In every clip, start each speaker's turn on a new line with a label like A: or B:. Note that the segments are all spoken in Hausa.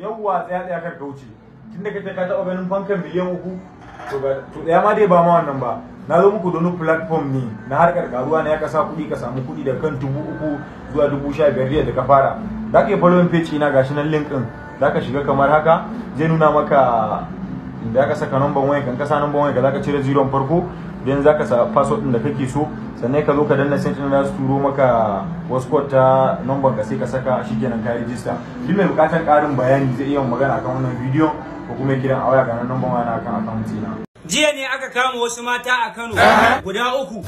A: yawwa tsaya tsaya kar ka wuce tun da kace ka taɓa ganin fankan miliyan uku to ɗaya ma dai ba ma wannan ba na zo muku da wani platform ne na harkar karuwa na ya kasa kuɗi ka samu kuɗi da kan dubu uku zuwa dubu sha biyar da ka fara za ka yi following page ina gashi nan link ɗin za ka shiga kamar haka zai nuna maka da aka saka number waya kan ka sa number waya ka zaka cire zero farko then zaka sa password din da kake so sannan ka zo ka danna sai din su turo maka wascot ta number ka sai ka saka shi kenan ka register duk mai bukatar karin bayani zai iya magana akan wannan bidiyon ko kuma kiran a waya ga nan number waya na account
B: jiya ne aka kama wasu mata a Kano guda uku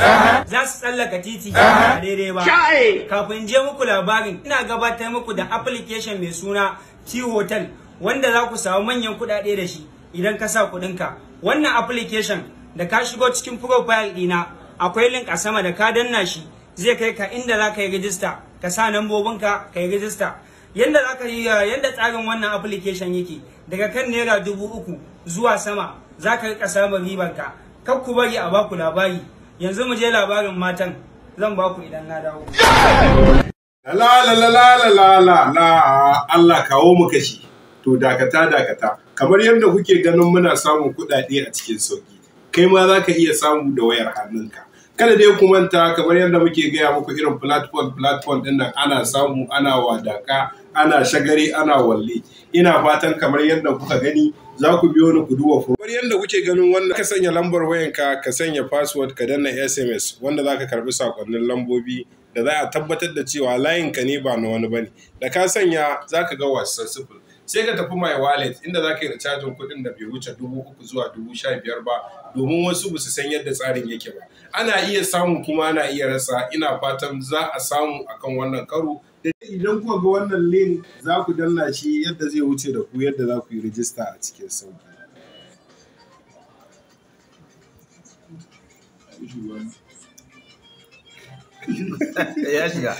B: za su tsallaka titi a daidai ba kafin je muku labarin ina gabatar muku da application mai suna T hotel wanda za ku samu manyan kuɗaɗe da shi idan ka sa kuɗinka wannan application da ka shigo cikin profile ɗina akwai link a sama da ka danna shi zai kai ka inda za ka yi rijista ka sa nambobinka ka yi rijista yadda za ka yi eh, yadda tsarin wannan application yake daga kan naira dubu uku zuwa sama za ka riƙa samun ribarka kar ku bari a baku labari yanzu mu je labarin matan zan baku idan na dawo
C: la la la la la la Allah kawo mu kashi to dakata dakata kamar yadda kuke ganin muna samun kuɗaɗe a cikin sauki kai ma za ka iya samu da wayar hannunka kada dai ku manta kamar yadda muke gaya muku irin platform platform din nan ana samu ana wadaka ana shagari ana walle ina fatan kamar yadda kuka gani za ku biyo ni ku duba kamar yadda kuke ganin wannan ka sanya lambar wayanka ka sanya password ka danna SMS wanda zaka karɓi sakonnin lambobi da za a tabbatar da cewa layinka ne ba na wani bane da ka sanya za ka ga wasan sifil sai ka tafi my wallet inda za ka yi recharging kuɗin da bai wuce dubu uku zuwa dubu sha biyar ba domin wasu ba su san yadda tsarin yake ba ana iya samu kuma ana iya rasa ina fatan za a samu akan wannan karo idan kuka ga wannan link za ku danna shi yadda zai wuce da ku yadda za ku yi rijista a cikin sauki ya shiga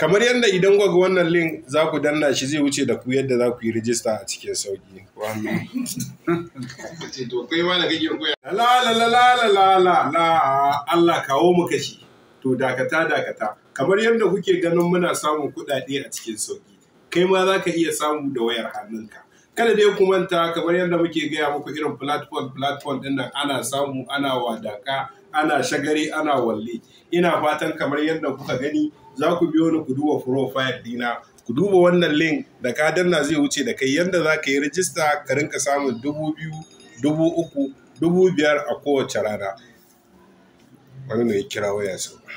C: Kamar yadda idan kuka wannan link za ku danna shi zai wuce da ku yadda za ku yi rijista a cikin sauki. kawo mu To dakata dakata. Kamar yadda kuke ganin muna samun kuɗaɗe a cikin sauki. Kai ma za ka iya samu da wayar hannunka. kada dai ku manta kamar yadda muke gaya muku irin platform platform din nan ana samu ana wadaka ana shagari ana walle ina fatan kamar yadda kuka gani za ku biyo ni ku duba profile dina ku duba wannan link da ka danna zai wuce da kai yadda za ka yi rijista ka rinka samun dubu biyu dubu uku dubu biyar a kowace rana wani ne kira waya sau